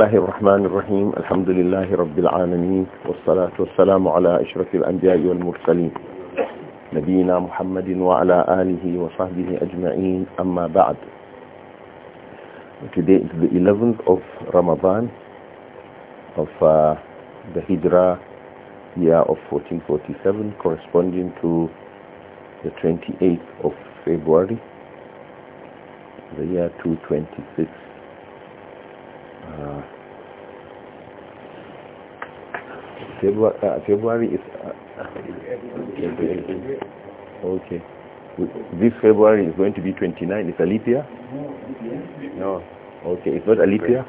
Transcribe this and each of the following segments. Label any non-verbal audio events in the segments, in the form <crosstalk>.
الله الرحمن الرحيم الحمد لله رب العالمين والصلاة والسلام على أشرف الأنبياء والمرسلين نبينا محمد وعلى آله وصحبه أجمعين أما بعد Today is the 11th of Ramadan of uh, the Hijrah year of 1447 corresponding to the 28th of February the year 226 Uh, uh, February is uh, okay. This February is going to be 29. It's a leap year? No. Okay, it's not a leap year?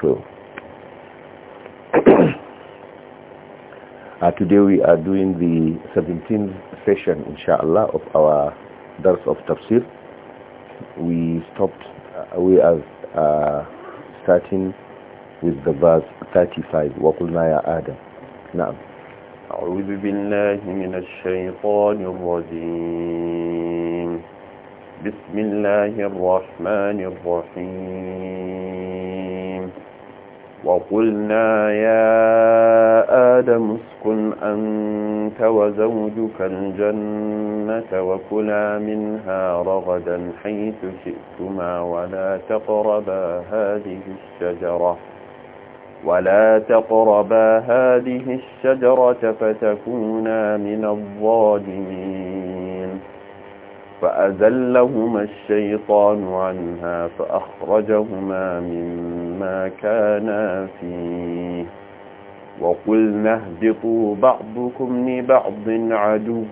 Cool. <coughs> uh, today we are doing the 17th session, inshallah, of our Dars of Tafsir. We stopped, uh, we are uh, starting with the verse 35 وَقُلْنَا يَا آدَمْ نعم أعوذ بالله من الشيطان الرجيم بسم الله الرحمن الرحيم وقلنا يا آدم اسكن أنت وزوجك الجنة وكلا منها رغدا حيث شئتما ولا تقربا هذه الشجرة ولا تقربا هذه الشجرة فتكونا من الظالمين فأزلهما الشيطان عنها فأخرجهما مما ما كانا فيه وقلنا اهبطوا بعضكم لبعض عدو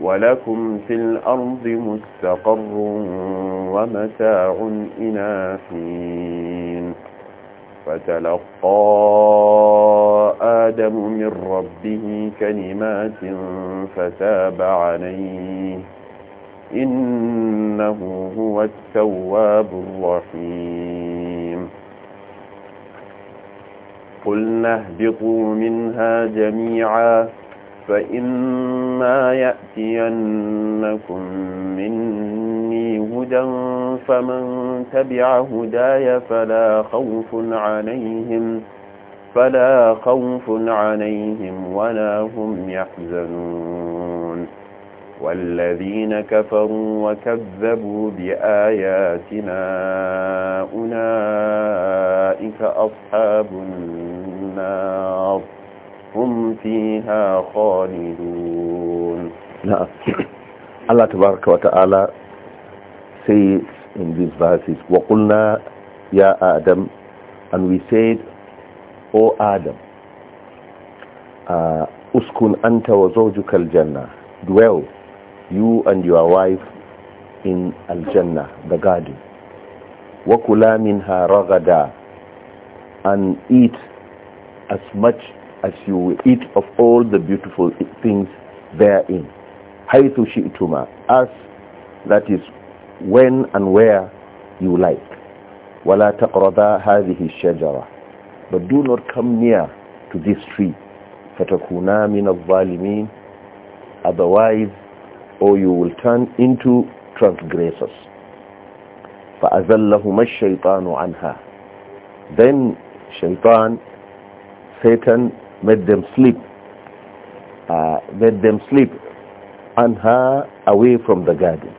ولكم في الأرض مستقر ومتاع إلى حين فتلقى آدم من ربه كلمات فتاب عليه إنه هو التواب الرحيم قلنا اهبطوا منها جميعا فإما يأتينكم مني هدى فمن تبع هداي فلا خوف عليهم فلا خوف عليهم ولا هم يحزنون والذين كفروا وكذبوا بآياتنا أولئك أصحاب النار هم فيها خالدون نعم الله تبارك وتعالى says in these verses وقلنا يا آدم and we said O Adam uh, أسكن أنت وزوجك الجنة dwell you and your wife in Al-Jannah, the garden. وَكُلَا مِنْهَا ragada And eat as much as you will eat of all the beautiful things therein. حَيْثُ شِئْتُمَا As, that is, when and where you like. وَلَا تَقْرَبَا his shajarah, But do not come near to this tree. فَتَكُونَا مِنَ الظَّالِمِينَ Otherwise, or you will turn into transgressors. فَأَذَلَّهُمَا الشَّيْطَانُ عَنْهَا Then shaitan, Satan made them sleep, uh, made them sleep and her away from the garden.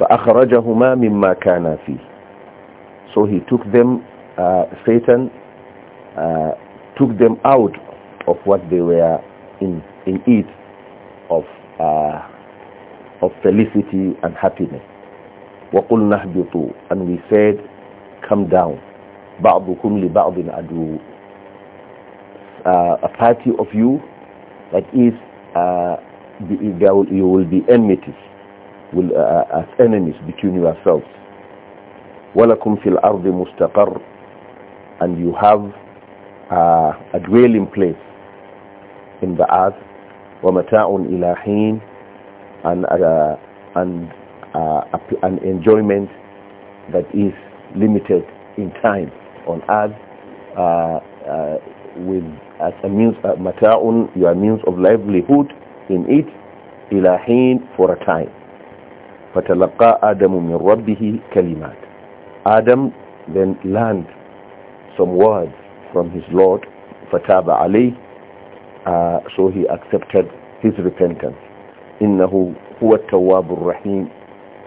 فَأَخْرَجَهُمَا مِمَّا كَانَا فِيهِ So he took them, uh, Satan uh, took them out of what they were in in it of uh, of felicity and happiness. And we said, come down. بَعْضُكُمْ لِبَعْضٍ عَدُوٌ uh, A party of you, that is, uh, you will be enmities, will, uh, uh, as enemies between yourselves. وَلَكُمْ فِي الْأَرْضِ مُسْتَقَرٌ And you have uh, a dwelling place in the earth وَمَتَاعٌ إِلَى حِينٍ and, uh, and uh, an enjoyment that is limited in time on earth uh, uh with as a means uh, mata'un your means of livelihood in it ilahin for a time فتلقى آدم min ربه kalimat. Adam then learned some words from his Lord فتاب عليه uh, so he accepted his repentance innahu huwa tawwabur rahim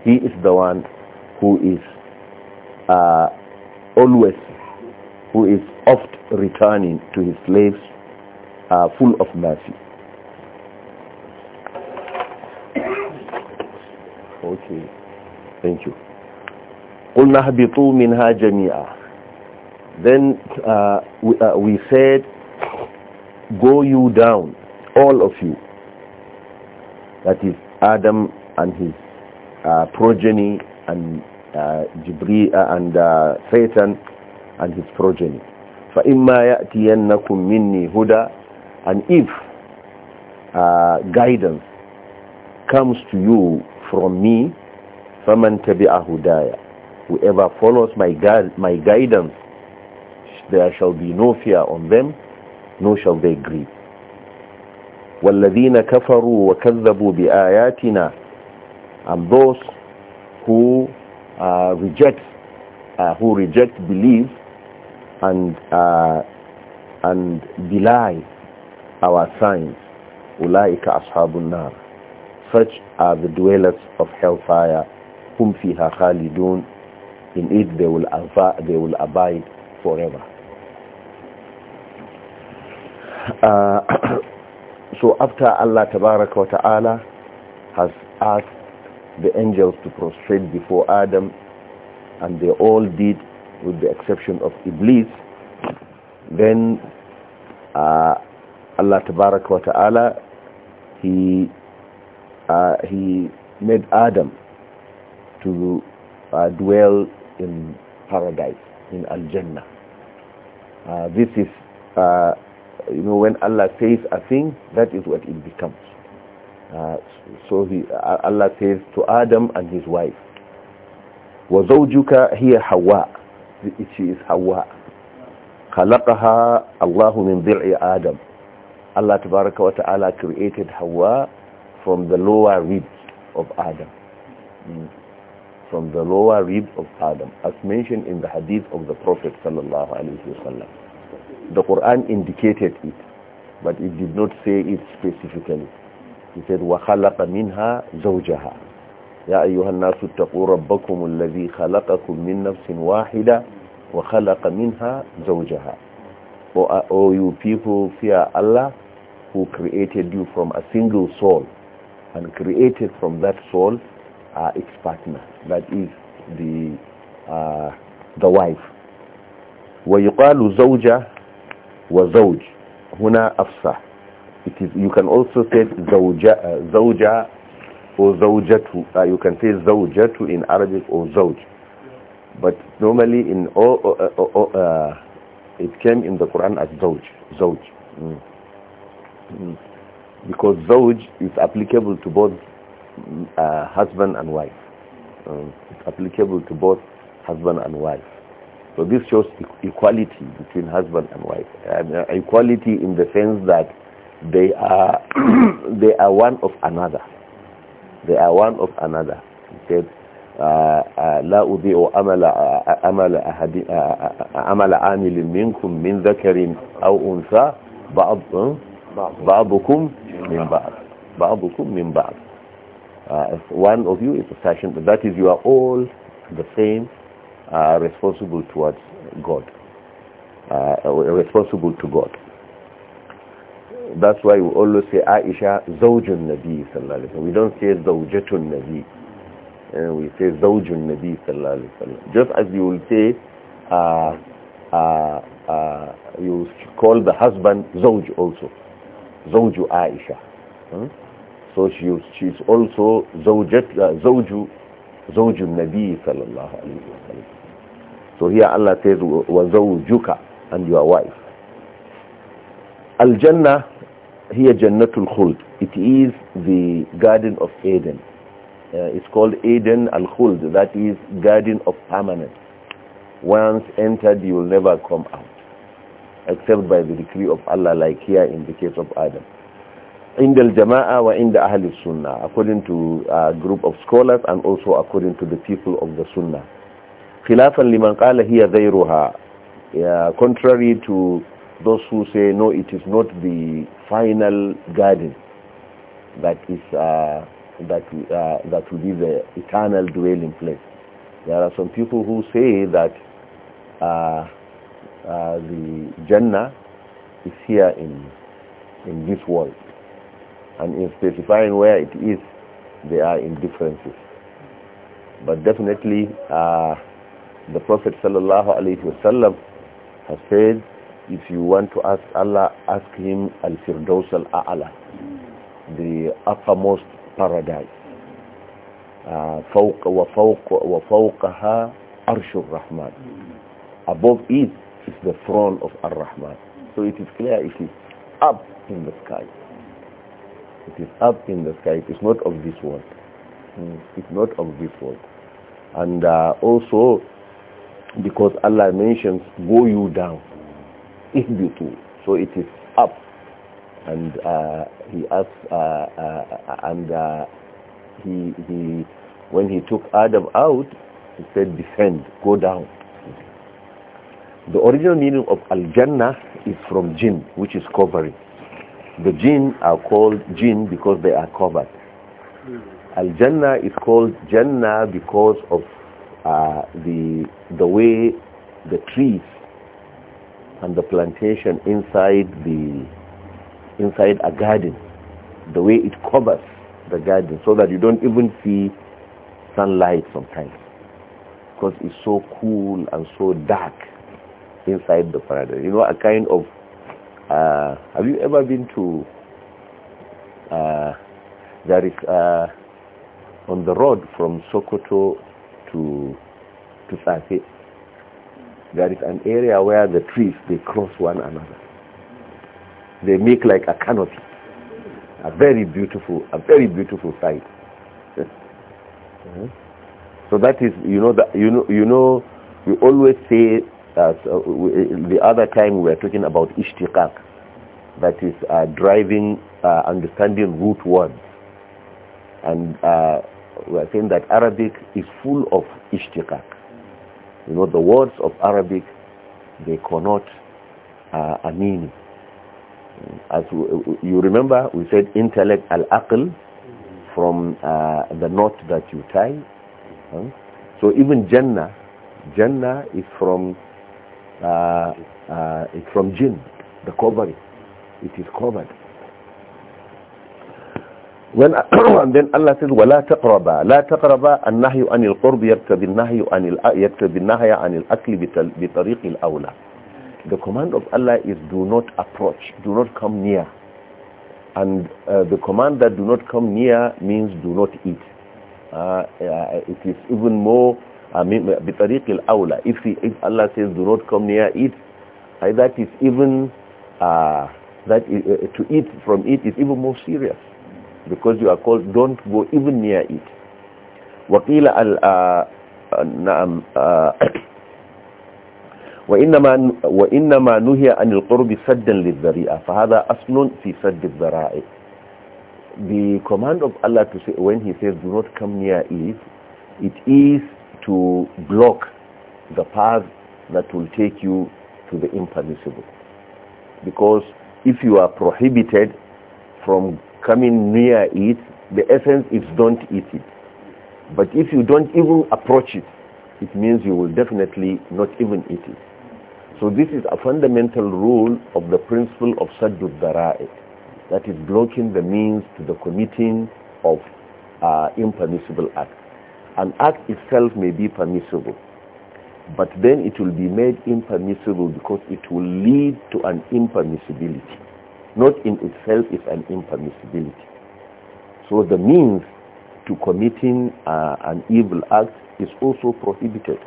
he is the one who is uh, always who is oft returning to his slaves uh, full of mercy okay thank you قلنا اهبطوا منها جميعا then uh, we, uh, we said go you down, all of you. That is Adam and his uh, progeny and uh, Jibril uh, and uh, Satan and his progeny. فَإِمَّا يَأْتِيَنَّكُم مِّنِّي هُدَى And if uh, guidance comes to you from me, فَمَنْ تَبِعَ هُدَايَ Whoever follows my, gu my guidance, there shall be no fear on them, nor shall they grieve. وَالَّذِينَ كَفَرُوا وَكَذَّبُوا بِآيَاتِنَا And those who uh, reject, uh, who reject belief and, uh, and belie our signs, أُولَٰئِكَ أَصْحَابُ النَّارِ Such are the dwellers of hellfire, whom فِيهَا خَالِدُونَ In it they will, they will abide forever. Uh, <coughs> so after Allah Tabaraka wa Ta'ala has asked the angels to prostrate before Adam and they all did with the exception of Iblis then uh, Allah Tabaraka wa Ta'ala he uh, he made Adam to uh, dwell in paradise in Al-Jannah uh, this is uh, you know, when Allah says a thing, that is what it becomes. Uh, so he, uh, Allah says to Adam and his wife, وَزَوْجُكَ هِيَ حَوَّاء She is Hawa. خَلَقَهَا Allah min ضِلْعِ Adam. Allah Tabaraka wa Ta'ala created Hawa from the lower ribs of Adam. Mm. From the lower ribs of Adam, as mentioned in the hadith of the Prophet sallallahu alaihi wasallam. The Quran indicated it, but it did not say it specifically. He said, "Wa وَخَلَقَ minha زَوْجَهَا يَا أَيُّهَا النَّاسُ اتَّقُوا رَبَّكُمُ الَّذِي خَلَقَكُم khalaqakum min nafsin وَخَلَقَ wa زَوْجَهَا minha uh, o you people, fear Allah who created you from a single soul and created from that soul uh, its partner, that is the, uh, the wife. وَيُقَالُ زَوْجَةً وزوج هنا أفصح it is you can also say زوجة زوجة or زوجته uh, you can say زوجته in Arabic or زوج but normally in all uh, uh, uh, uh, uh it came in the Quran as زوج زوج mm. Mm. because زوج is applicable to both husband and wife um, it's applicable to both husband and wife so this shows equality between husband and wife. and uh, equality in the sense that they are <clears throat> they are one of another. They are one of another. He said, لا أضيء أمل أمل أحد أمل عامل منكم من ذكر أو أنثى بعض بعضكم من بعض بعضكم من بعض. One of you is a fashion, that is you are all the same are responsible towards God, uh, responsible to God. That's why we always say Aisha Zawjun Nabi sallallahu alaihi We don't say Zawjatun Nabi. And uh, we say Zawjun Nabi sallallahu alaihi Just as you will say, uh, uh, uh, you call the husband Zawj also. Zawju Aisha. Hmm? So she she's also Zawjat, uh, Zawju, Zawjun Nabi sallallahu alaihi wasallam. So here Allah says, وَزَوْجُكَ and your wife. Al-Jannah, here Jannatul Khuld. It is the Garden of Eden. Uh, it's called Eden Al-Khuld, that is Garden of Permanence. Once entered, you will never come out, except by the decree of Allah, like here in the case of Adam. عند in the أهل Sunnah, according to a group of scholars and also according to the people of the sunnah khilafan liman qala hiya ghayruha contrary to those who say no it is not the final garden that is uh, that uh, that will be the eternal dwelling place there are some people who say that uh, uh the jannah is here in in this world and in specifying where it is there are differences. but definitely uh, the Prophet sallallahu alayhi wasallam has said, if you want to ask Allah, ask him al-firdaus al-a'la, the uppermost paradise. فوق وفوق وفوقها أرش الرحمن above it is the throne of Ar-Rahman so it is clear it is up in the sky it is up in the sky it is not of this world hmm. it's not of this world and uh, also because Allah mentions go you down if you do so it is up and uh, he asked uh, uh, and uh, he he when he took Adam out he said descend go down the original meaning of al-jannah is from jinn which is covering the jinn are called jinn because they are covered al-jannah is called jannah because of uh, the, the way the trees and the plantation inside, the, inside a garden, the way it covers the garden so that you don't even see sunlight sometimes because it's so cool and so dark inside the paradise. You know, a kind of, uh, have you ever been to, uh, there is, uh, on the road from Sokoto to to Safi, there is an area where the trees they cross one another. They make like a canopy, a very beautiful, a very beautiful sight. <laughs> So that is, you know, that you know, you know, we always say that uh, we, the other time we were talking about ishtiqaq, that is uh, driving, uh, understanding root words, and uh, we are saying that Arabic is full of ishtiqaq. You know, the words of Arabic, they connote uh, a meaning. As we, you remember, we said intellect al-aql from uh, the knot that you tie. Huh? So even Jannah, Jannah is from uh, uh, it's from jinn, the covering. It is covered when <clears throat> and then Allah says ولا تقربا لا تقربا النهي عن القرب يقتضي النهي عن يقتضي النهي عن الأكل بطريق الأولى the command of Allah is do not approach do not come near and uh, the command that do not come near means do not eat uh, uh it is even more I mean بطريق الأولى if, he, if Allah says do not come near eat uh, that is even uh, that is, to eat from it is even more serious because you are called don't go even near it وقيل نعم <coughs> وإنما وإنما نهي عن القرب سدا للذريعة فهذا أصل في سد الذرائع the command of Allah to say when he says do not come near it it is to block the path that will take you to the impermissible because if you are prohibited from coming near it, the essence is don't eat it. But if you don't even approach it, it means you will definitely not even eat it. So this is a fundamental rule of the principle of Sajjud Dara'i, that is blocking the means to the committing of uh, impermissible act. An act itself may be permissible, but then it will be made impermissible because it will lead to an impermissibility not in itself is an impermissibility. So the means to committing uh, an evil act is also prohibited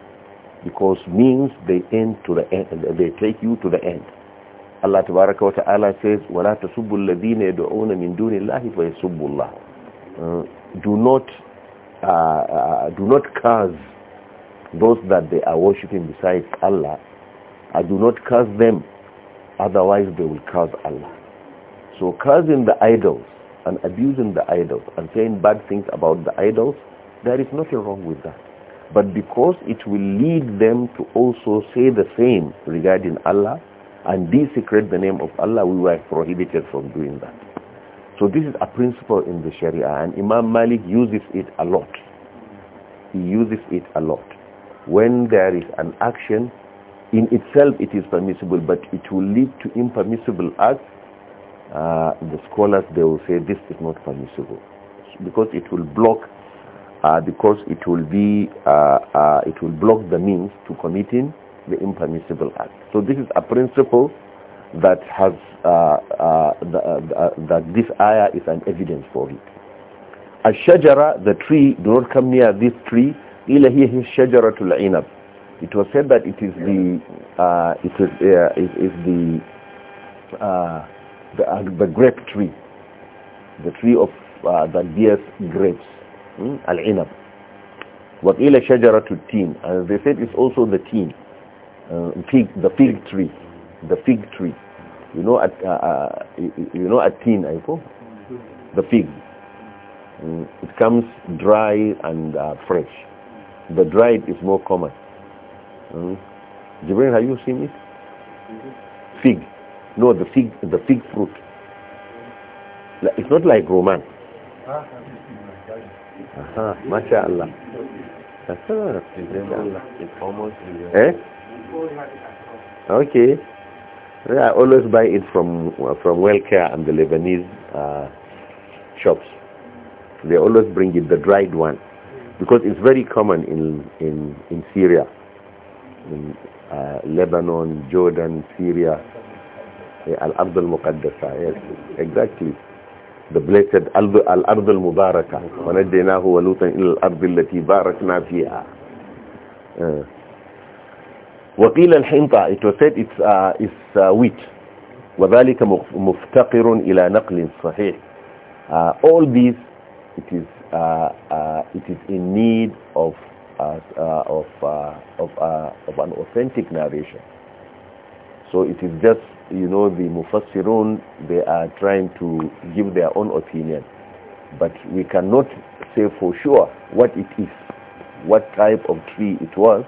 because means they end to the end, they take you to the end. Allah tabaraka wa ta'ala says, وَلَا تَسُبُّ الَّذِينَ يَدْعُونَ مِن دُونِ اللَّهِ فَيَسُبُّ اللَّهِ uh, Do not, uh, uh, do not curse those that they are worshipping besides Allah. Uh, do not curse them, otherwise they will curse Allah. So cursing the idols and abusing the idols and saying bad things about the idols, there is nothing wrong with that. But because it will lead them to also say the same regarding Allah and desecrate the name of Allah, we were prohibited from doing that. So this is a principle in the Sharia and Imam Malik uses it a lot. He uses it a lot. When there is an action, in itself it is permissible, but it will lead to impermissible acts uh, the scholars they will say this is not permissible because it will block uh, because it will be uh, uh it will block the means to committing the impermissible act. So this is a principle that has uh, uh, the, that this ayah is an evidence for it. shajara, the tree, do not come near this tree. Ila shajaratul It was said that it is the it is it is the the, uh, the grape tree, the tree of uh, that bears grapes, hmm? al-inab. وَقِيلَ to tin, And they said it's also the tin, uh, fig, the fig tree, the fig tree. You know at uh, uh you know at tin, I hope? The fig. Mm, it comes dry and uh, fresh. The dried is more common. Mm. have you seen it? Fig. No, the fig, the fig fruit. It's not like Roman. Aha, mashallah. eh? Okay. I always buy it from from Wellcare and the Lebanese uh, shops. They always bring it the dried one because it's very common in in in Syria, in uh, Lebanon, Jordan, Syria. الأرض المقدسة yes exactly the blessed الأرض المباركة ونجيناه ولوطا إلى الأرض التي باركنا فيها وقيل الحنطة it was said it's, uh, it's uh, wheat وذلك مفتقر إلى نقل صحيح uh, all these it is uh, uh, it is in need of uh, uh, of uh, of, uh, of an authentic narration so it is just you know, the Mufassirun, they are trying to give their own opinion. But we cannot say for sure what it is, what type of tree it was,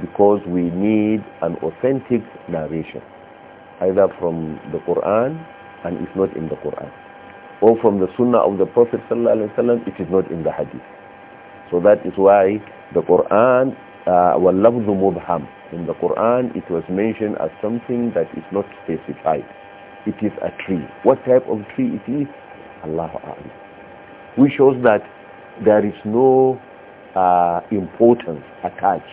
because we need an authentic narration, either from the Quran, and it's not in the Quran, or from the Sunnah of the Prophet ﷺ, it is not in the Hadith. So that is why the Quran وَاللَّفْظُ uh, مُبْهَمْ In the Quran, it was mentioned as something that is not specified. It is a tree. What type of tree it is? Allah A'lam. Which shows that there is no uh, importance attached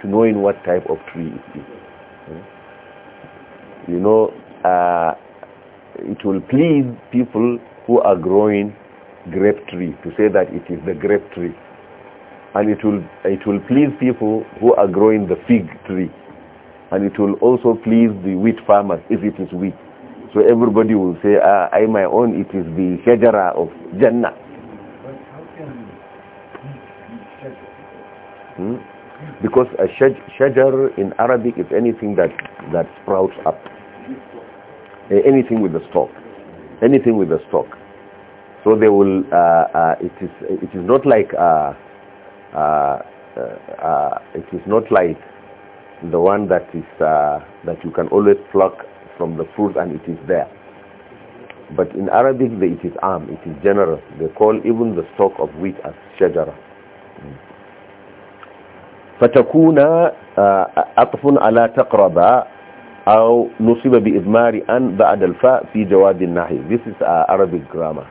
to knowing what type of tree it is. Hmm? You know, uh, it will please people who are growing grape tree to say that it is the grape tree and it will it will please people who are growing the fig tree and it will also please the wheat farmers if it is wheat so everybody will say ah, i my own it is the shajara of jannah hmm? because a shaj shajar in arabic is anything that that sprouts up eh, anything with a stalk anything with a stalk so they will uh, uh, it is it is not like uh, uh, uh, it is not like the one that is uh, that you can always pluck from the fruit and it is there. But in Arabic, it is am, it is generous. They call even the stalk of wheat as shajara. فتكون عطف على تقرب أو نصب بإضمار أن بعد الفاء في جواب النحي. This is Arabic grammar.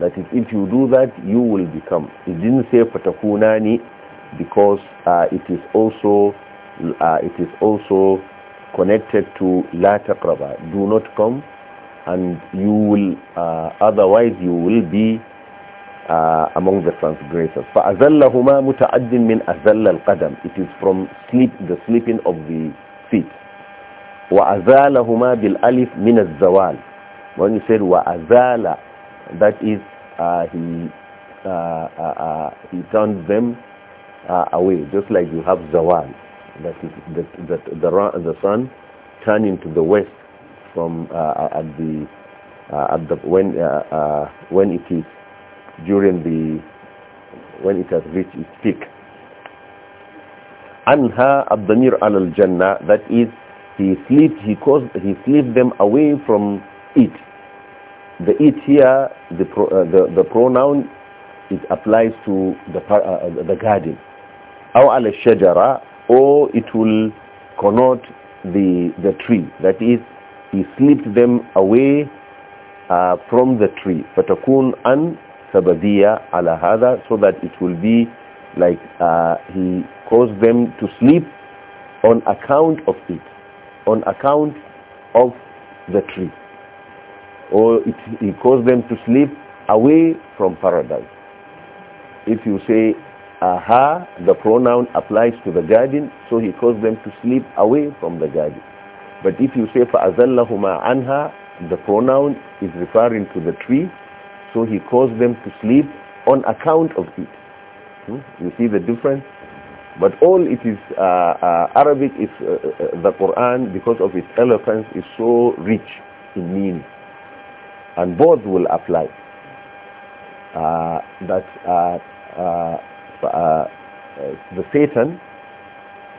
That is, if you do that, you will become. It didn't say fatakunani because uh, it is also uh, it is also connected to la taqraba. Do not come, and you will uh, otherwise you will be uh, among the transgressors. فَأَذَلَّهُمَا مُتَعَدٍ مِنْ أَذَلَّ الْقَدَمِ It is from sleep, the sleeping of the feet. وَأَذَالَهُمَا بِالْأَلِفِ مِنَ الزَّوَالِ When you said وَأَذَالَ that is, uh, he, uh, uh, uh, he turns them away, just like you have Zawal, that, is, that, that the, the sun turning to the west from at the, at the when, when it is during the when it has reached its peak. Anha abdamir al jannah that is he sleep he caused he sleep them away from it the it here, the, pro, uh, the, the, pronoun, it applies to the, uh, uh, the garden. أو على الشجرة or it will connote the, the tree. That is, he slipped them away uh, from the tree. فتكون أن sabadiya على so that it will be like uh, he caused them to sleep on account of it, on account of the tree or it, it caused them to sleep away from paradise. If you say aha, the pronoun applies to the garden, so he caused them to sleep away from the garden. But if you say فَأَزَلَّهُمَا anha," the pronoun is referring to the tree, so he caused them to sleep on account of it. Hmm? You see the difference? But all it is, uh, uh, Arabic is, uh, uh the Quran, because of its eloquence, is so rich in meaning and both will apply uh, that uh, uh, uh, the Satan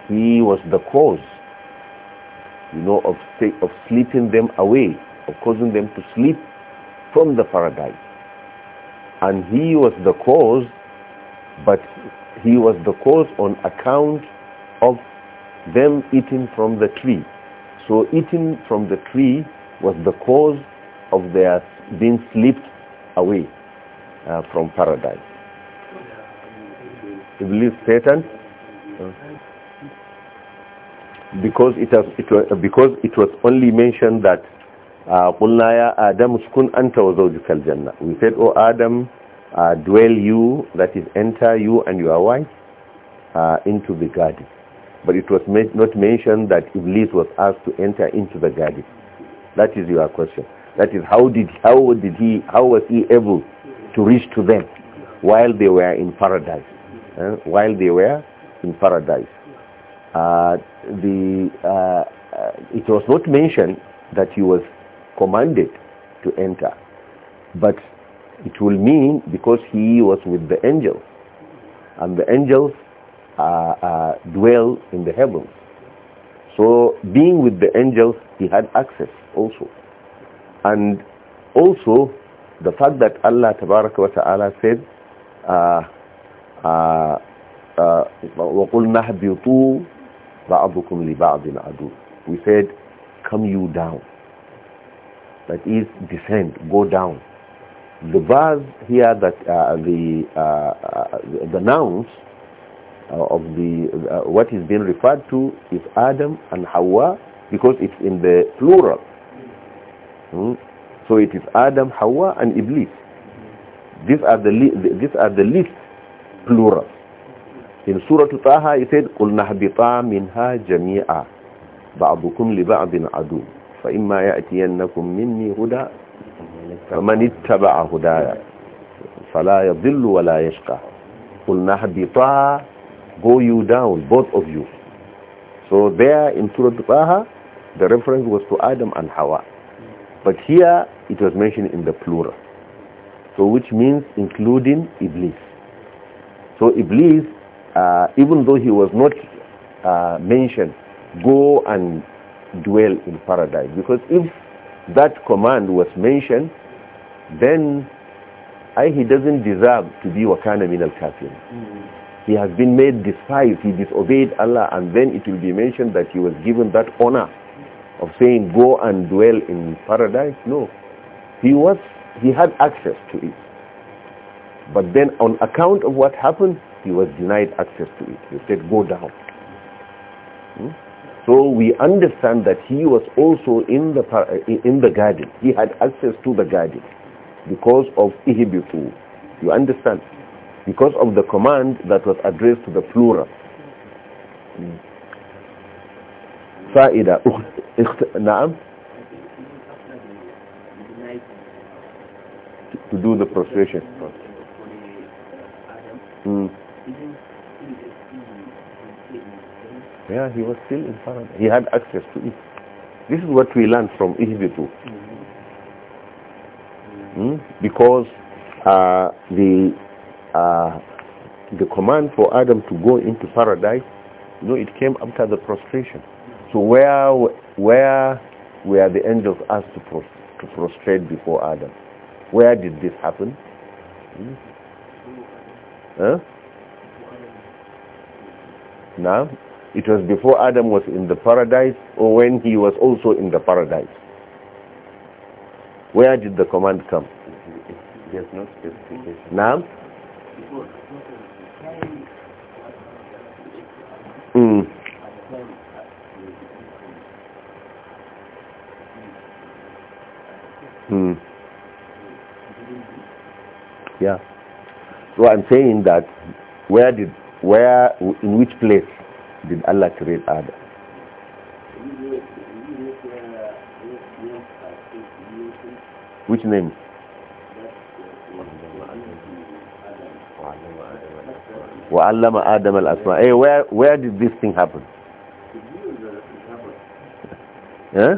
he was the cause you know of of sleeping them away of causing them to sleep from the paradise and he was the cause but he was the cause on account of them eating from the tree so eating from the tree was the cause of their being slipped away uh, from paradise. You believe Satan? Uh, because it, has, it was, because it was only mentioned that قلنا يا آدم اسكن أنت وزوجك الجنة we said oh Adam uh, dwell you that is enter you and your wife uh, into the garden but it was not mentioned that Iblis was asked to enter into the garden that is your question that is, how did, how did he, how was he able to reach to them while they were in paradise? Uh, while they were in paradise. Uh, the, uh, uh, it was not mentioned that he was commanded to enter, but it will mean because he was with the angels, and the angels uh, uh, dwell in the heavens. So being with the angels, he had access also and also the fact that Allah tabaraka wa ta'ala said uh, uh, uh, وَقُلْنَا هَبِّطُوا بَعْضُكُمْ We said, come you down. That is, descend, go down. The verse here that uh, the, uh, the nouns of the uh, what is being referred to is Adam and Hawa because it's in the plural so it is adam hawa and iblis these are the these are the least plural in surah taha it said qulna habita minha jami'a ba'dukum li ba'din adu fa imma ya'tiyannakum minni huda faman ittaba'a hudaya fala yadhillu wala yashqa qulna habita go you down both of you so there in surah taha the reference was to adam and hawa But here it was mentioned in the plural. So which means including Iblis. So Iblis, uh, even though he was not uh, mentioned, go and dwell in paradise. Because if that command was mentioned, then I, he doesn't deserve to be wakana min al-kafir. Mm -hmm. He has been made despised, he disobeyed Allah, and then it will be mentioned that he was given that honor of saying go and dwell in paradise. No. He was he had access to it. But then on account of what happened, he was denied access to it. He said, go down. Hmm? So we understand that he was also in the, in the garden. He had access to the garden because of Ihibitu. You understand? Because of the command that was addressed to the plural. Hmm. Fa'ida. اخت... نعم to do the prostration mm. yeah he was still in paradise he had access to it this is what we learned from Ihbitu mm? because uh, the uh, the command for Adam to go into paradise you know it came after the prostration so where where were the angels asked to, pros to prostrate before Adam? Where did this happen? Hmm? Huh? Now, it was before Adam was in the paradise or when he was also in the paradise. Where did the command come? There's no specification. Now? Hmm. Yeah. So I'm saying that where did where in which place did Allah create Adam? Which name? وعلم آدم الأسماء hey, eh, where, where did this thing happen? huh?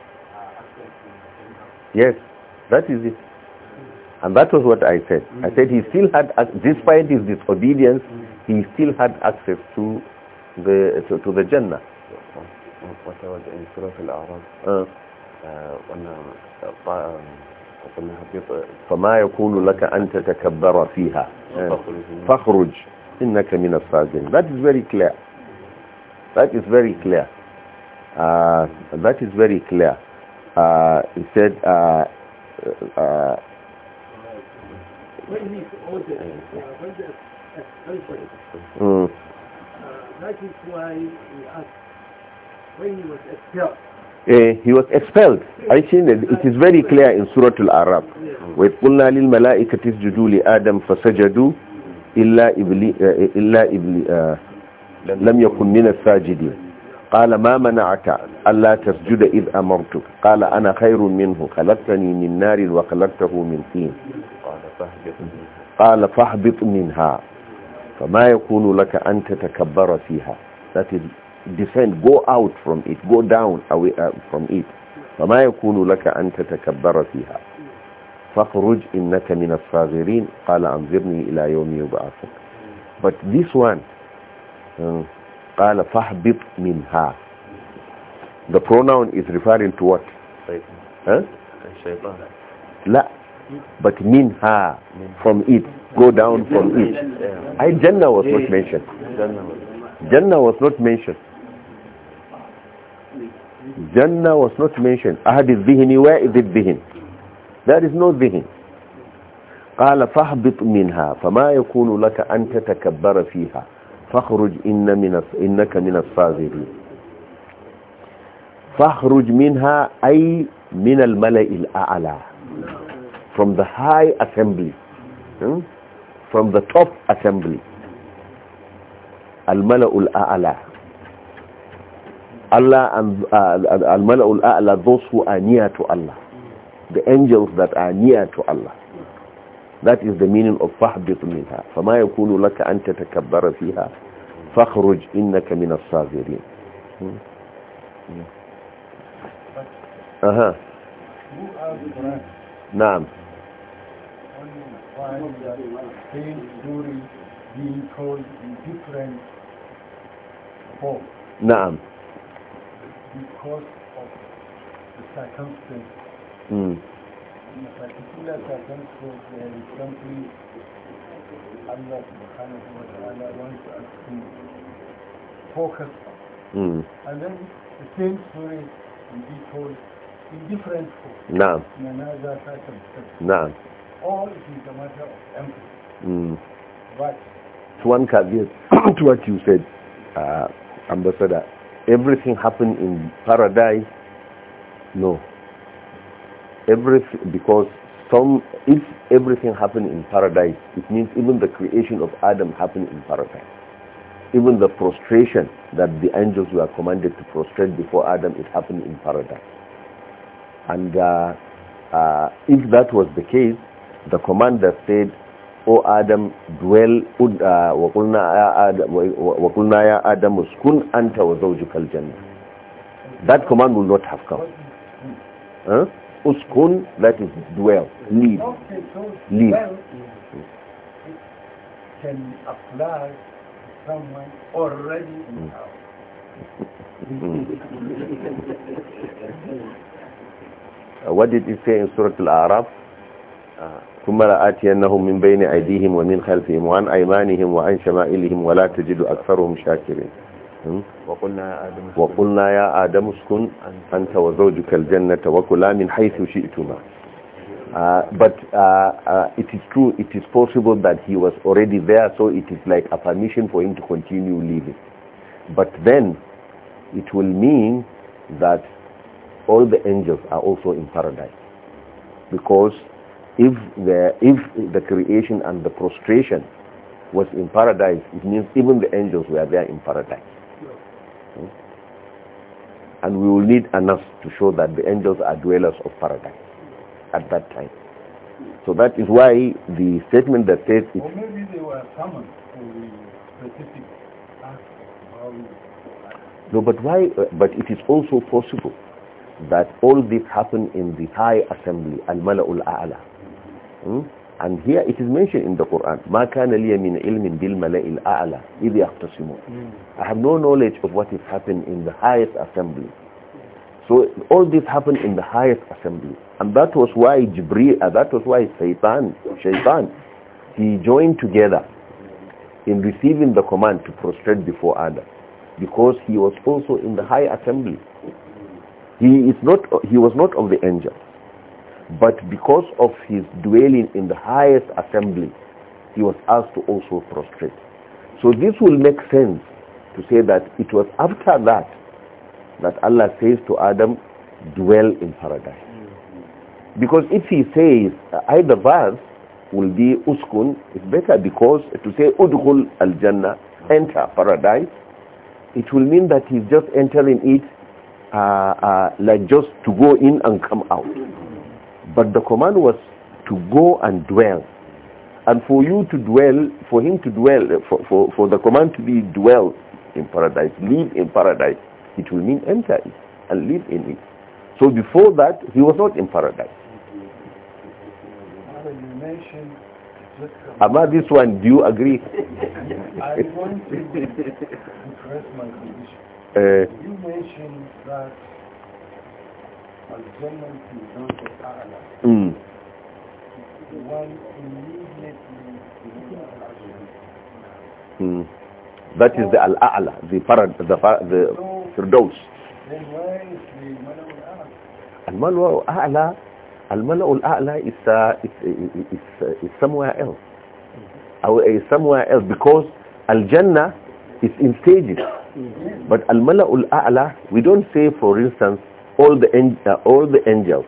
Yes, that is it. And that was what I said. Mm. I said he still had, despite his disobedience, mm. he still had access to the to, to the Jannah. وتود إن سورة الأعراف فما يكون لك أن تتكبر فيها فخرج إنك من الصاغرين that is very clear that is very clear uh, that is very clear uh, he said, uh, uh, mm. that eh, is why asked when he was expelled. Uh, he was expelled. I think that it is very clear in Surah Al-Arab. وَإِذْ لِلْمَلَائِكَةِ اسْجُدُوا لِآدَمَ فَسَجَدُوا إِلَّا إِبْلِي إِلَّا لَمْ يَكُنْ مِنَ السَّاجِدِينَ قال ما منعك ألا تسجد إذ أمرتك قال أنا خير منه خلقتني من نار وخلقته من طين قال فاهبط منها فما يكون لك أن تتكبر فيها that is descend go out from it go down away uh, from it فما يكون لك أن تتكبر فيها فاخرج إنك من الصاغرين قال أنظرني إلى يوم يبعثك but this one uh, قال فاهبط منها the pronoun is referring to what لا but منها from it go down from it I Jannah was not mentioned Jannah was not mentioned Jannah was not mentioned أحد الذهن وائد الذهن there is no ذهن قال فاهبط منها فما يكون لك أن تتكبر فيها فاخرج إن من إنك من الصاغرين فاخرج منها أي من الملأ الأعلى from the high assembly from the top assembly الملأ الأعلى Allah and uh, Al-Mala'ul A'la, those who are near to Allah, the angels that are near to Allah. That is the meaning of فَحْبِطْ مِنْهَا فَمَا يَكُولُ لَكَ أَن تَتَكَبَّرَ فِيهَا فَخْرُجْ إِنَّكَ مِنَ الصَّاغِرِينَ أها نعم find that same نعم. Because of the circumstances. Mm. in particular circumstances there is something Allah subhanahu wa ta'ala wants us to focus on. Mm. And then the same story will be told in different forms. No. In another circumstance. No. All it is a matter of empathy. Mm. But one caveat <coughs> to what you said, uh, Ambassador, everything happened in paradise? No everything because some if everything happened in paradise it means even the creation of adam happened in paradise even the prostration that the angels were commanded to prostrate before adam it happened in paradise and uh, uh, if that was the case the commander said o adam dwell وَقُلْنَا يَا آدَمُ اسْكُنْ أَنْتَ وَزَوْجُكَ الْجَنَّةِ that command will not have come huh? اسكن لا تدوال ليل ليل What did he say in Surah Al-A'raf? ثم لآتينهم من بين أيديهم ومن خلفهم وعن أيمانهم وعن شمائلهم ولا تجد أكثرهم شاكرين وقلنا يا آدم اسكن أنت وزوجك الجنة وكلا من حيث شئتما Uh, but uh, uh, it is true, it is possible that he was already there, so it is like a permission for him to continue living. But then it will mean that all the angels are also in paradise. Because if the, if the creation and the prostration was in paradise, it means even the angels were there in paradise. And we will need enough to show that the angels are dwellers of paradise at that time. So that is why the statement that says... Or maybe they were summoned for the specific act No, but why... Uh, but it is also possible that all this happened in the high assembly, al-mala'ul-a'la. Hmm? And here it is mentioned in the Quran, مَا كَانَ لِيَ مِنْ عِلْمٍ بِالْمَلَئِ الْأَعْلَى إِذْ يَخْتَصِمُونَ I have no knowledge of what is happened in the highest assembly. So all this happened in the highest assembly. And that was why Jibreel, uh, that was why Shaitan, Shaytan, he joined together in receiving the command to prostrate before Adam. Because he was also in the high assembly. He, is not, he was not of the angels. But because of his dwelling in the highest assembly, he was asked to also prostrate. So this will make sense to say that it was after that that Allah says to Adam, dwell in paradise. Because if he says either verse will be uskun, it's better because to say udhul al-jannah, enter paradise, it will mean that he's just entering it uh, uh, like just to go in and come out. But the command was to go and dwell. And for you to dwell, for him to dwell, for, for, for the command to be dwell in paradise, live in paradise, it will mean enter it and live in it. So before that, he was not in paradise. About this one, do you agree? <laughs> I want to <laughs> impress my position. Uh, you mentioned that Mm. Mm. That is the al-a'la, the farad, the the firdaus. Al-malwa al-a'la, al-malwa al-a'la is, uh, is, is, uh, is somewhere else. Or is somewhere else because al-jannah is in stages. But al-malwa al-a'la, we don't say for instance all the uh, all the angels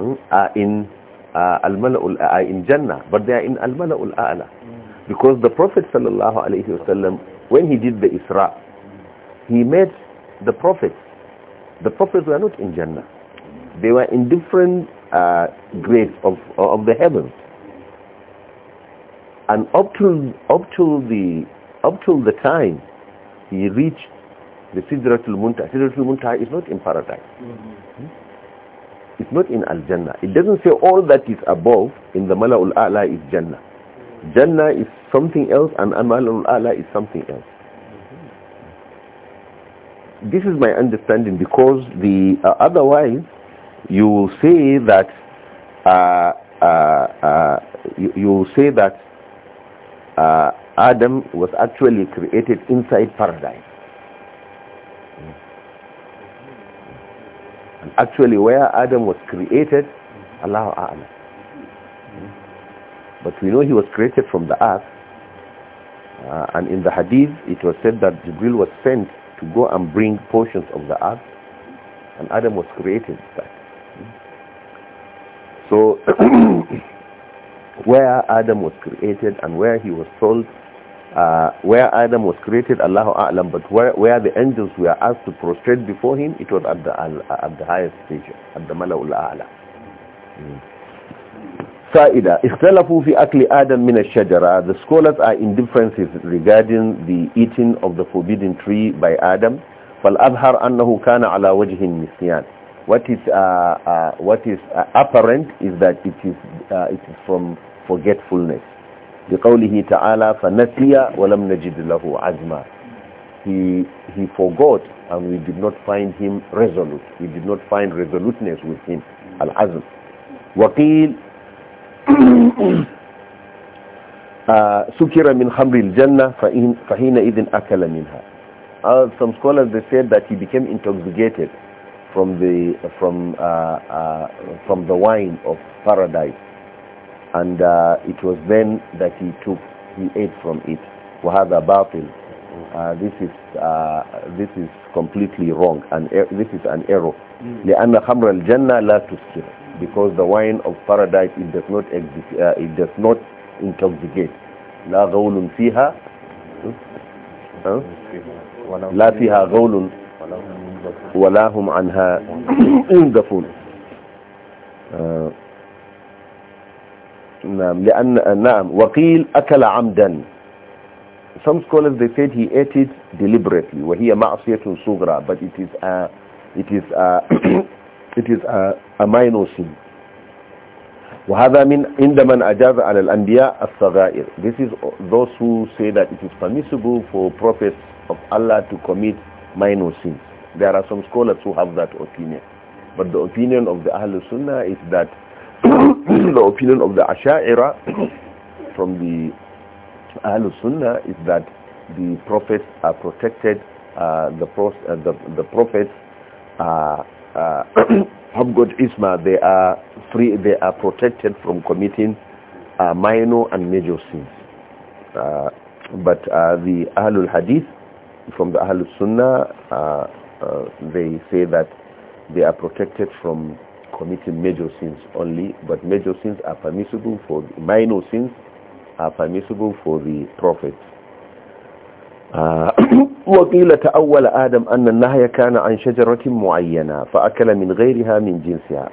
hmm, are in uh, al-mala'ul uh, are in Jannah, but they are in al-mala'ul a'la. Mm. Because the Prophet sallallahu alaihi wasallam, when he did the Isra, he met the prophets. The prophets were not in Jannah; they were in different uh, grades of of the heavens. And up till up till the up till the time he reached the Sidratul Muntaha. Sidratul Muntaha is not in paradise. Mm -hmm. It's not in Al-Jannah. It doesn't say all that is above in the Mala'ul A'la is Jannah. Jannah is something else and Mala'ul A'la is something else. This is my understanding because the uh, otherwise you will say that uh, uh, uh you, you, will say that uh, Adam was actually created inside paradise And actually where Adam was created, Allah. A'lam. But we know he was created from the earth. Uh, and in the hadith, it was said that Jibril was sent to go and bring portions of the earth. And Adam was created that. So <coughs> where Adam was created and where he was told uh, where Adam was created, Allahu A'lam, but where, where the angels were asked to prostrate before him, it was at the, uh, at the highest stage, at the Mala'ul A'la. Mm. Sa'ida, اختلفوا في أكل آدم من الشجرة. The scholars are in differences regarding the eating of the forbidden tree by Adam. فالأظهر أنه كان على وجه النسيان. What is, uh, uh, what is uh, apparent is that it is, uh, it is from forgetfulness. بقوله تعالى فنسي ولم نجد له عزما he he forgot and we did not find him resolute we did not find resoluteness with him al-azm وقيل <coughs> سكر من خمر الجنة فحينئذ أكل منها uh, some scholars they said that he became intoxicated from the from uh, uh, from the wine of paradise and uh, it was then that he took, he ate from it. وَهَذَا بَاطِلٌ uh, this is uh, this is completely wrong and er this is an error mm. لأن خمر الجنة لا تسكر because the wine of paradise it does not exist, uh, it does not intoxicate لا غول فيها hmm? Hmm? لا فيها غول hmm. ولا هم عنها ينزفون <coughs> uh, نعم لأن نعم وقيل أكل عمدا some scholars they said he ate it deliberately وهي معصية صغرى but it is a it is a <coughs> it is a, a minor sin وهذا من عند من أجاز على الأنبياء الصغائر this is those who say that it is permissible for prophets of Allah to commit minor sins there are some scholars who have that opinion but the opinion of the Ahlul Sunnah is that <coughs> <clears throat> the opinion of the Asha'ira <clears throat> from the Ahlul Sunnah is that the prophets are protected, uh, the, pros uh, the, the prophets are, uh, have <clears throat> got isma, they are free, they are protected from committing uh, minor and major sins. Uh, but uh, the Ahlul Hadith from the Ahlul Sunnah, they say that they are protected from committing major sins only, but major sins are permissible for minor sins are permissible for the prophet. Uh, <clears throat> وقيل تأول آدم أن النهي كان عن شجرة معينة فأكل من غيرها من جنسها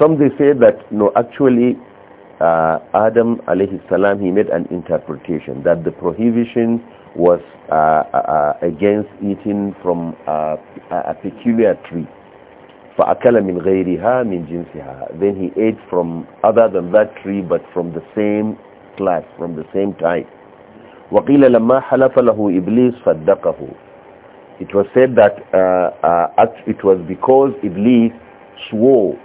Some they say that no actually uh, Adam alayhi salam he made an interpretation that the prohibition was uh, uh, uh against eating from a peculiar tree فأكل من غيرها من جنسها then he ate from other than that tree but from the same class from the same type وقيل لما حلف له إبليس صدقه it was said that uh, uh, it was because Iblis swore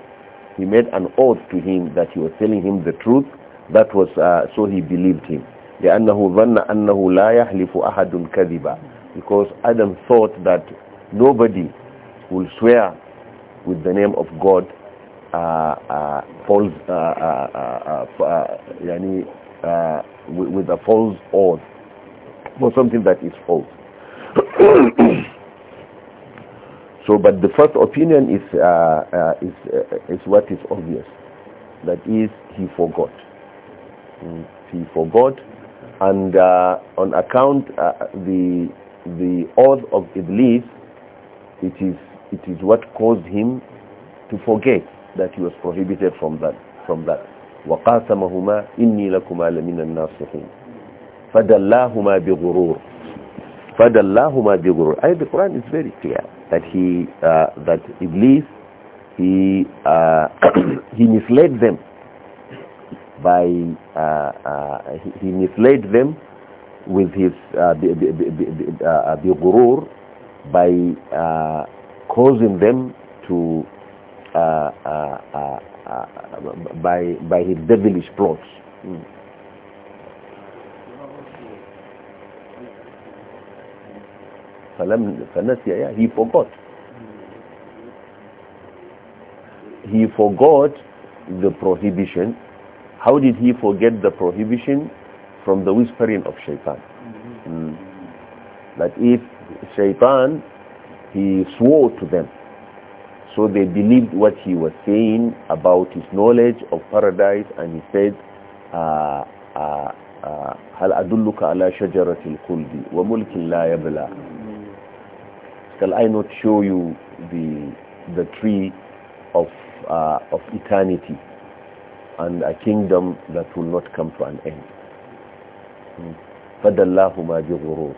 he made an oath to him that he was telling him the truth that was uh, so he believed him لأنه ظن أنه لا يحلف أحد كذبا because Adam thought that nobody will swear with the name of God with a false oath for something that is false. <coughs> so, but the first opinion is uh, uh, is uh, is what is obvious. That is, he forgot. Mm, he forgot, and on account the the oath of Iblis, it is it is what caused him to forget that he was prohibited from that from that وقاسمهما إني لكما لمن الناصحين فدلاهما بغرور فدلاهما بغرور I, the Quran is very clear that he uh, that Iblis he uh, <coughs> he misled them by uh, uh, he, he, misled them with his uh, بغرور uh, by uh, causing them to uh, uh, uh, uh by by his devilish plots. Mm. He forgot. He forgot the prohibition. How did he forget the prohibition? From the whispering of shaitan. Mm. That if shaitan he swore to them. So they believed what he was saying about his knowledge of paradise and he said, هل أدلك على شجرة وملك لا يبلى Shall I not show you the, the tree of, uh, of eternity and a kingdom that will not come to an end? فدلاهما hmm. بغرور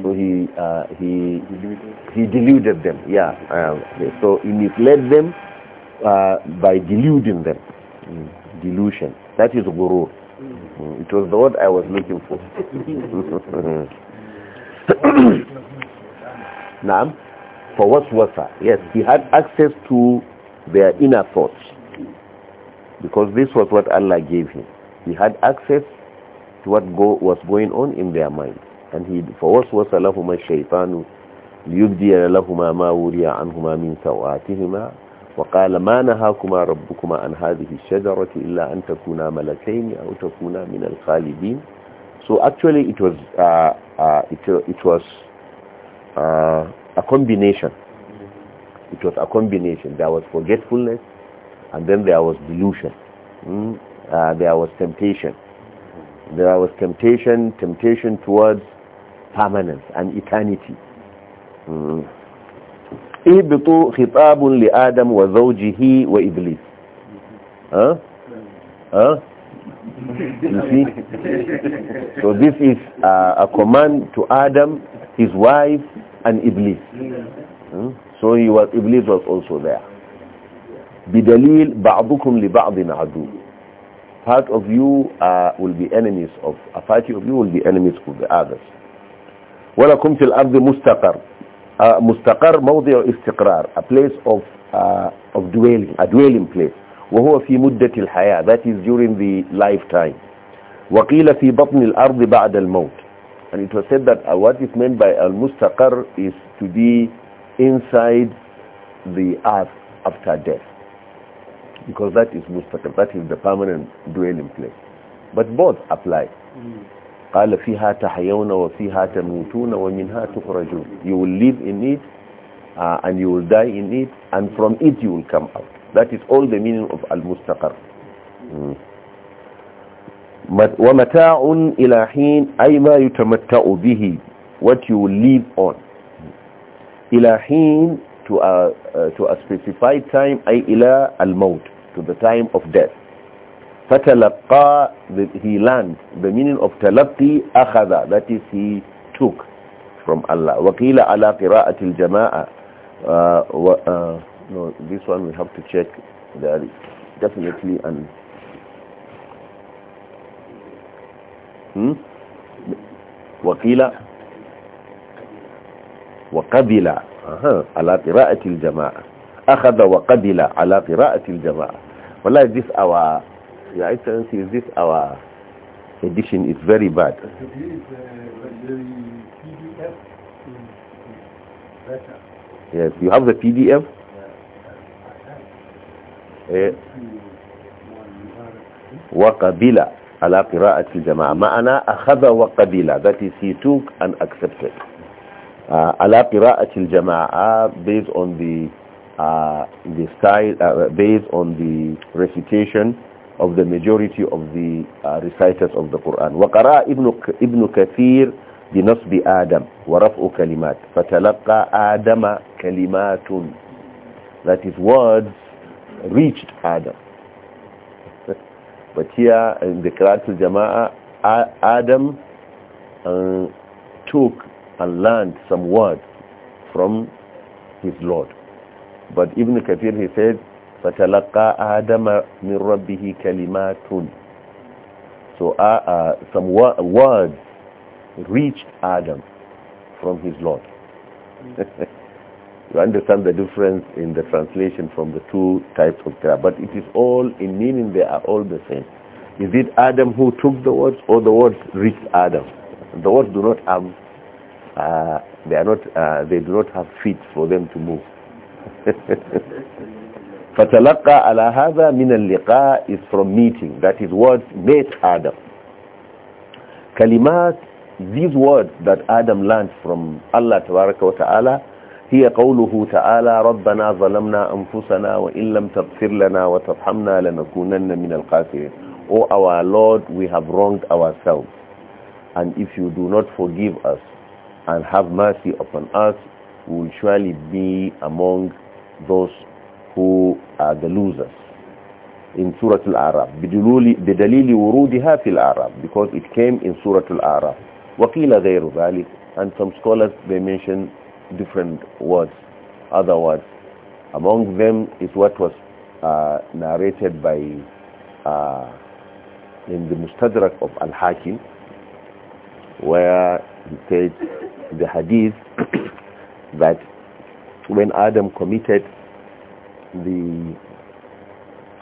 so he uh, he he deluded them. Yeah. Um, so he misled them uh, by deluding them. Mm. Delusion. That is guru. Mm. It was the word I was looking for. <laughs> Nam, For what was that? Yes, he had access to their inner thoughts. Because this was what Allah gave him. He had access to what go, was going on in their mind. and he فوسوس لهما الشيطان ليبدي لهما ما وريا عنهما من سوآتهما وقال ما نهاكما ربكما عن هذه الشجرة إلا أن تكونا ملكين أو تكونا من الخالدين so actually it was uh, uh, it, it was uh, a combination it was a combination there was forgetfulness and then there was delusion mm? uh, there was temptation there was temptation temptation towards permanence and eternity adam wa zawjihi wa iblis ها ها You see? So this is uh, a command to Adam, his wife, and Iblis. Hmm? So he was, Iblis was also there. بدليل بعضكم لبعض عدو. Part of you uh, will be enemies of, a party of you will be enemies of the others. ولكم في الأرض مستقر uh, مستقر موضع استقرار a place of uh, of dwelling a dwelling place وهو في مدة الحياة that is during the lifetime وقيل في بطن الأرض بعد الموت and it was said that uh, what is meant by al-mustaqar is to be inside the earth after death because that is mustaqar that is the permanent dwelling place but both apply mm. قال فيها تحيون وفيها تموتون ومنها تخرجون you will live in it uh, and you will die in it and from it you will come out that is all the meaning of المستقر mm. ومتاع إلى حين أي ما يتمتع به what you will live on إلى حين to a, uh, to a specified time أي إلى الموت to the time of death فتلقى he learned the meaning of تلقي أخذ that is he took from Allah وقيل على قراءة الجماعة uh, uh, no this one we have to check there definitely and hmm? وقيل وقبل uh -huh. على قراءة الجماعة أخذ وقبل على قراءة الجماعة والله this our Your Excellency, is this our edition is very bad. Uh, yes, you have the PDF? Eh. ala على al-Jama'a. معنا أخذ وقبل that is he took and accepted uh, ala على al-Jama'a based on the uh, the style uh, based on the recitation of the majority of the uh, reciters of the Quran. وقرأ ابن كثير بنصب آدم ورفع كلمات فتلقى آدم كلمات that is words reached Adam. <laughs> but here in the Qiratul Jama'ah, Adam uh, took and learned some words from his Lord. But Ibn Kathir, he said, adama min rabbihi kalimatun so uh, uh, some words reached adam from his lord <laughs> you understand the difference in the translation from the two types of prayer but it is all in meaning they are all the same is it adam who took the words or the words reached adam the words do not have uh, they are not uh, they do not have feet for them to move <laughs> فتلقى على هذا من اللقاء is from meeting that is words met Adam كلمات these words that Adam learned from Allah تبارك وتعالى هي قوله تعالى ربنا ظلمنا أنفسنا وإن لم تغفر لنا وترحمنا لنكونن من الخاسرين O oh our Lord we have wronged ourselves and if you do not forgive us and have mercy upon us we will surely be among those who are the losers in Surah Al-Araf بدليل ورودها في Arab because it came in Surah Al-Araf وقيل غير ذلك and some scholars they mention different words other words among them is what was uh, narrated by uh, in the Mustadrak of Al-Hakim where he said the hadith <coughs> that when Adam committed the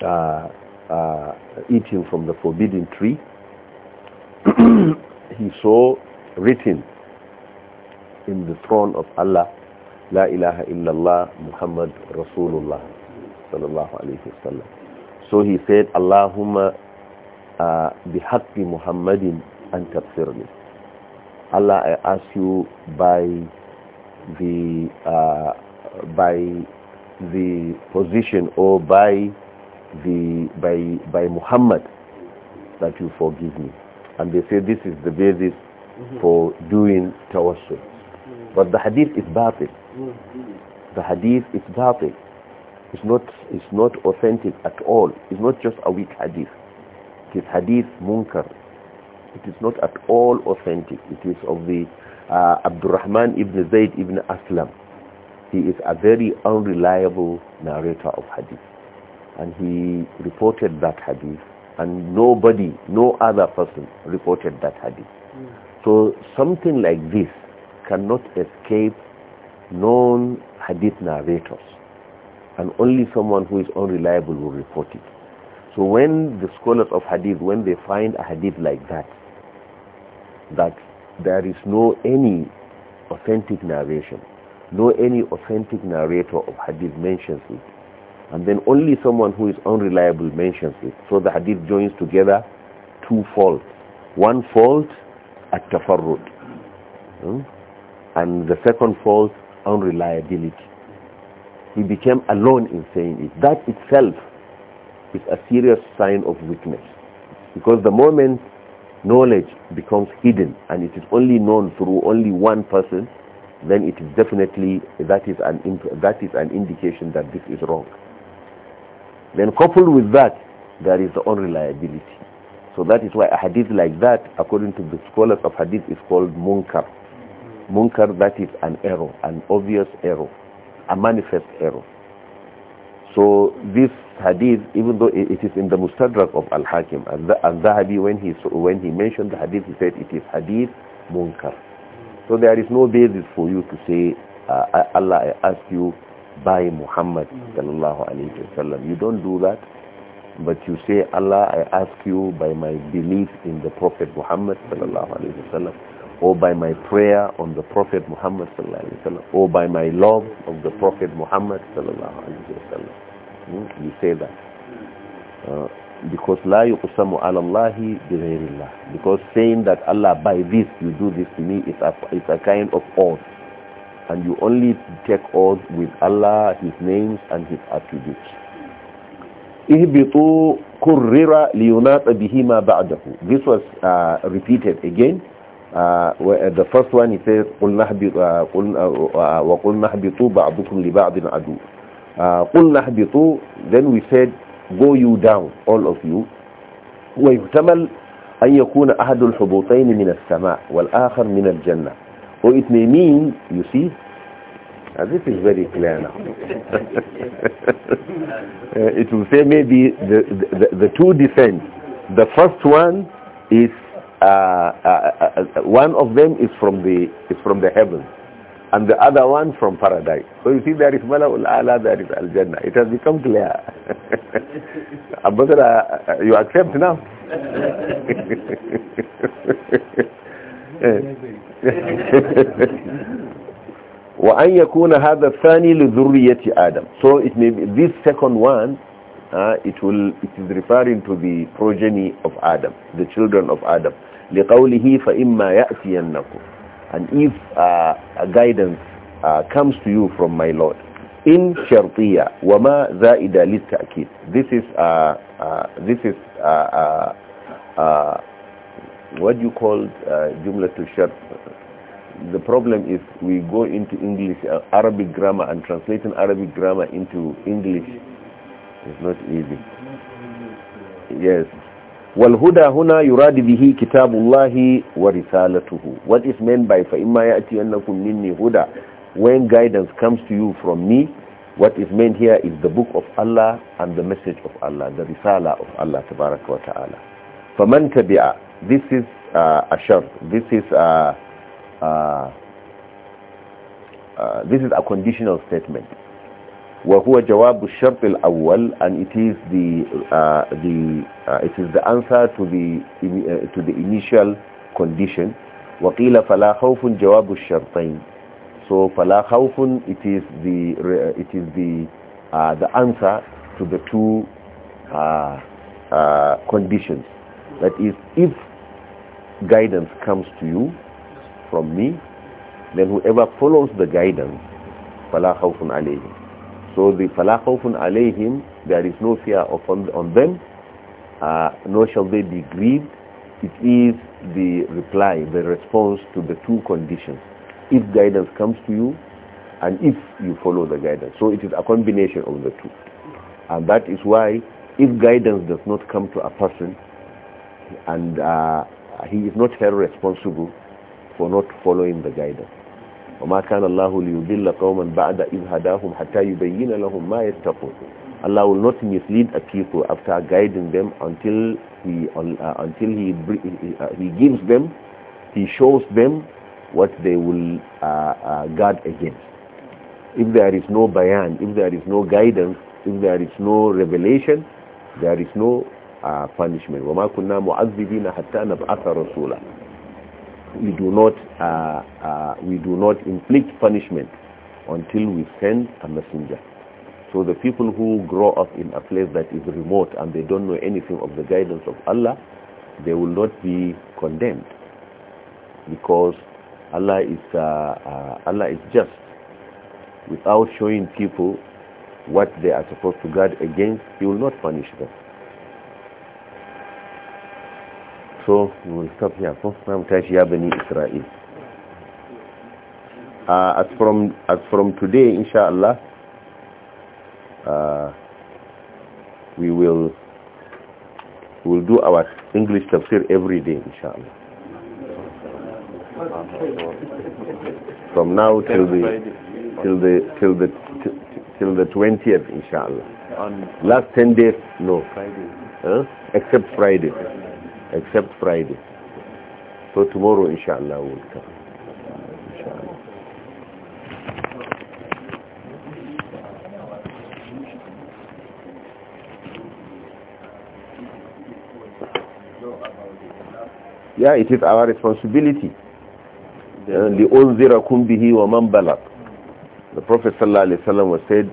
uh, uh, eating from the forbidden tree, <clears throat> he saw written in the throne of Allah, La ilaha illallah Muhammad Rasulullah sallallahu alayhi So he said, Allahumma uh, bihaqqi Muhammadin antabsirni. Allah, I ask you by the uh, by the position or by the by by Muhammad that you forgive me and they say this is the basis mm-hmm. for doing tawassul mm-hmm. but the hadith is batil mm-hmm. the hadith is batil it's not it's not authentic at all it's not just a weak hadith it is hadith munkar it is not at all authentic it is of the uh, Abdurrahman ibn Zayd ibn Aslam he is a very unreliable narrator of hadith. And he reported that hadith and nobody, no other person reported that hadith. So something like this cannot escape known hadith narrators. And only someone who is unreliable will report it. So when the scholars of hadith, when they find a hadith like that, that there is no any authentic narration, no, any authentic narrator of hadith mentions it. And then only someone who is unreliable mentions it. So the hadith joins together two faults. One fault, at tafarrud hmm? And the second fault, unreliability. He became alone in saying it. That itself is a serious sign of weakness. Because the moment knowledge becomes hidden and it is only known through only one person, then it is definitely that is an that is an indication that this is wrong. Then coupled with that, there is the unreliability. So that is why a hadith like that, according to the scholars of hadith, is called munkar. Munkar, that is an error, an obvious error, a manifest error. So this hadith, even though it is in the mustadrak of Al-Hakim, and Zahabi, when he, when he mentioned the hadith, he said it is hadith munkar. So there is no basis for you to say, uh, Allah, I ask you, by Muhammad sallallahu alayhi wasallam. You don't do that, but you say, Allah, I ask you by my belief in the Prophet Muhammad sallallahu alayhi wasallam, or by my prayer on the Prophet Muhammad sallallahu alayhi wasallam, or by my love of the Prophet Muhammad sallallahu alayhi wasallam. Hmm? You say that. Uh, because la yuqsamu ala Allahi bighayrillah because saying that Allah by this you do this to me is a, is a kind of oath and you only take oath with Allah his names and his attributes ihbitu kurrira liyunata bihi ma ba'dahu this was uh, repeated again uh, uh the first one he says قلنا وقلنا اهبطوا بعضكم لبعض عدو قلنا اهبطوا then we said go you down all of you ويحتمل أن يكون أحد الحبوطين من السماء والآخر من الجنة or it may mean you see uh, this is very clear now <laughs> uh, it will say maybe the, the, the, the two descent the first one is uh, uh, uh, uh one of them is from the is from the heavens and the other one from paradise. So you see there is Mala'ul A'la, there is Al-Jannah. It has become clear. Ambassador, <laughs> uh, you accept now? وأن يكون هذا الثاني لذرية آدم so it may be this second one uh, it will it is referring to the progeny of Adam the children of Adam لقوله فإما يأتينكم and if uh, guidance uh, comes to you from my Lord in shartiya wama zaida litakid this is uh, uh, this is uh, uh, uh what you call uh, jumla to shart the problem is we go into english arabic grammar and translating arabic grammar into english is not easy yes والهدى هنا يراد به كتاب الله ورسالته what is meant by فإما يأتي أنكم مني هدى when guidance comes to you from me what is meant here is the book of Allah and the message of Allah the risala of Allah تبارك وتعالى فمن تبع this is uh, ashar this is a. Uh, uh, uh, this is a conditional statement وهو جواب الشرط الأول and it is the uh, the uh, it is the answer to the uh, to the initial condition وقيل فلا خوف جواب الشرطين so فلا خوف it is the uh, it is the uh, the answer to the two uh, conditions that is if guidance comes to you from me then whoever follows the guidance فلا خوف عليهم so the فَلَا خَوْفٌ عَلَيْهِمْ There is no fear upon, on them, uh, nor shall they be grieved. It is the reply, the response to the two conditions. If guidance comes to you, and if you follow the guidance. So it is a combination of the two. And that is why if guidance does not come to a person and uh, he is not held responsible for not following the guidance. وما كان الله ليضل قوما بعد إذ هداهم حتى يبين لهم ما يتقون Allah will not mislead a people after guiding them until he uh, until he uh, he gives them he shows them what they will uh, guard against if there is no bayan if there is no guidance if there is no revelation there is no punishment وما كنا معذبين حتى نبعث رسولا we do not uh, uh, we do not inflict punishment until we send a messenger. So the people who grow up in a place that is remote and they don't know anything of the guidance of Allah, they will not be condemned because Allah is uh, uh Allah is just. Without showing people what they are supposed to guard against, He will not punish them. So we will stop here. Now we tashi ya bani Israel. Uh, as from as from today, inshallah, uh, we will we will do our English tafsir every day, inshallah. From now till the till the till the till the twentieth, inshallah. Last ten days, no, huh? except Friday except Friday. So tomorrow, inshallah, we'll come. Yeah, it is our responsibility. لِأُنْزِرَكُمْ بِهِ وَمَنْ بَلَقْ The Prophet ﷺ was said,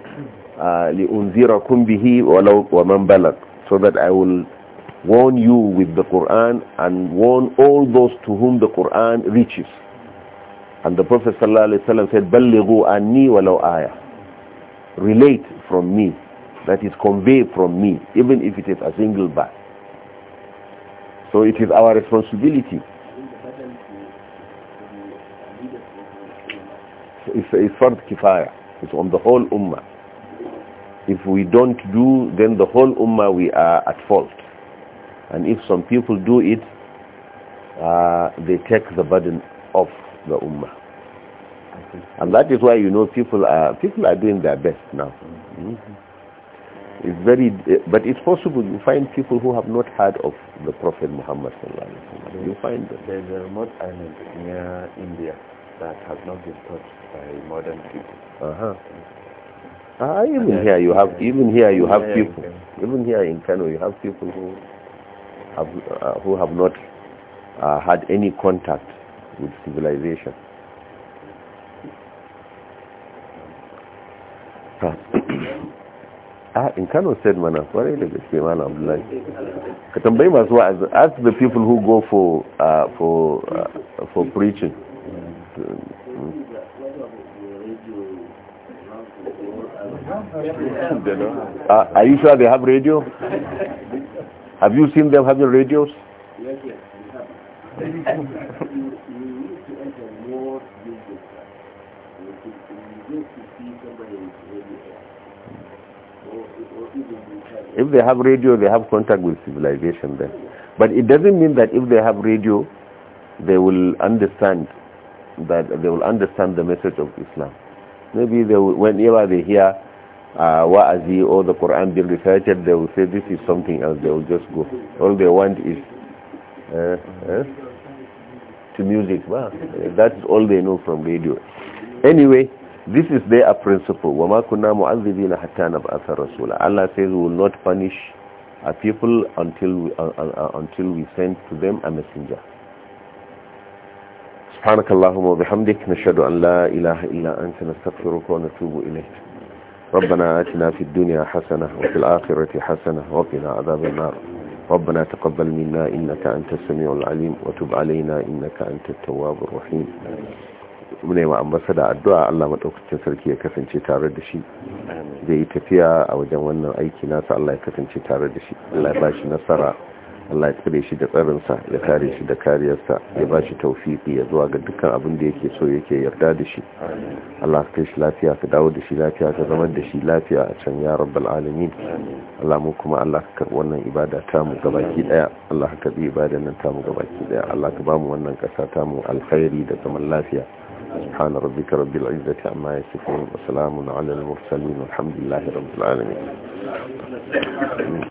لِأُنْزِرَكُمْ بِهِ وَمَنْ بَلَقْ So that I will warn you with the Quran and warn all those to whom the Quran reaches. And the Prophet ﷺ said, بَلِّغُوا أَنِّي وَلَوْ Relate from me, that is conveyed from me, even if it is a single bar. So it is our responsibility. It's, it's fard kifaya. It's on the whole ummah. If we don't do, then the whole ummah we are at fault. And if some people do it, uh, they take the burden off the ummah. And that is why you know people are people are doing their best now. Mm -hmm. It's very, but it's possible you find people who have not heard of the Prophet Muhammad sallallahu alaihi wasallam. You find them. there's a remote island near India that has not been touched by modern people. Uh huh. Ah, even here you have even here you have people even here in Kano you have people who have, uh, who have not uh, had any contact with civilization. <coughs> ah in say said mana kwarai I am like, Abdullahi ka tambayi masu wa'azi ask the people who go for uh, for uh, for preaching uh, are you sure they have radio have you seen them the radios? Yes, yes, we have. <laughs> you, need to enter more If they have radio, they have contact with civilization then. But it doesn't mean that if they have radio, they will understand that they will understand the message of Islam. Maybe they will, whenever they hear uh, wa'azi or the Quran being recited, they will say this is something else. They will just go. All they want is uh, uh, to music. Wow. That is all they know from radio. Anyway, this is their principle. وَمَا كُنَّا مُعَذِّبِينَ حَتَّى نَبْعَثَ رَسُولًا Allah says we will not punish a people until we, uh, uh, uh, until we send to them a messenger. سبحانك اللهم وبحمدك نشهد أن لا إله إلا أنت نستغفرك ونتوب إليك ربنا آتنا في الدنيا حسنة وفي الآخرة حسنة وقنا عذاب النار ربنا تقبل منا إنك أنت السميع العليم وتب علينا إنك أنت التواب الرحيم mune wa ambasada addu'a Allah madaukakin sarki ya kasance tare da shi da yi tafiya a wajen wannan aiki nasa Allah ya kasance tare da shi Allah ya bashi nasara Allah ya tsare shi da tsarinsa ya kare shi da kariyarsa ya ba shi taufiki ya zuwa ga dukkan abin da yake so yake yarda da shi Allah ka kai shi lafiya ka dawo da shi lafiya ka zama da shi lafiya a can ya rabbal alamin Allah mu kuma Allah ka karbi wannan ibada ta mu gabaki daya Allah ka bi ibadan nan ta mu gabaki daya Allah ka ba mu wannan kasa ta mu alkhairi da zaman lafiya سبحان ربك رب العزة عما يصفون وسلام على المرسلين والحمد لله رب العالمين